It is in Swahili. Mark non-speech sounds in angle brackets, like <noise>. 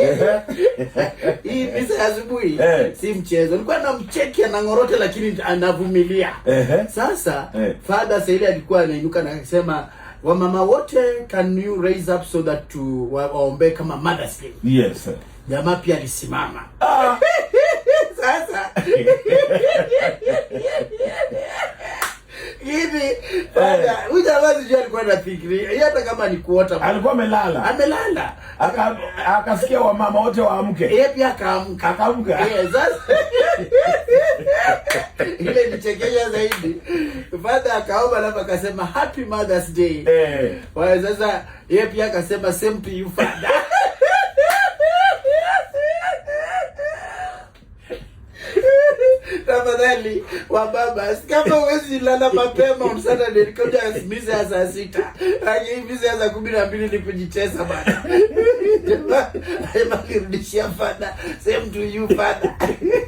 <laughs> hii visa ya asubuhi eh. si mchezo. Nilikuwa namcheki anang'orote, lakini anavumilia. Sasa eh. Father Saile alikuwa anainuka na akasema wamama wote, can you raise up so that to waombe kama mother skill Yes, jamaa pia alisimama. Ah. <laughs> Sasa <laughs> hivi eh. huyu jamaa sijui alikuwa na anafikiria hata kama ni kuota, alikuwa amelala, amelala akasikia wamama wote waamke, yeye pia akaamka, akaamka. Eh, sasa <laughs> ile nichekesha zaidi, father akaomba, alafu akasema happy Mother's Day. Eh. Sasa yeye pia akasema same to you father tafadhali wa baba, kama uwezi lala mapema msana Saturday, nilikuja ya saa sita lakini misa ya saa kumi na mbili ni kujitesa bana. <laughs> Jamaa alirudishia fada, same to you fada. <laughs>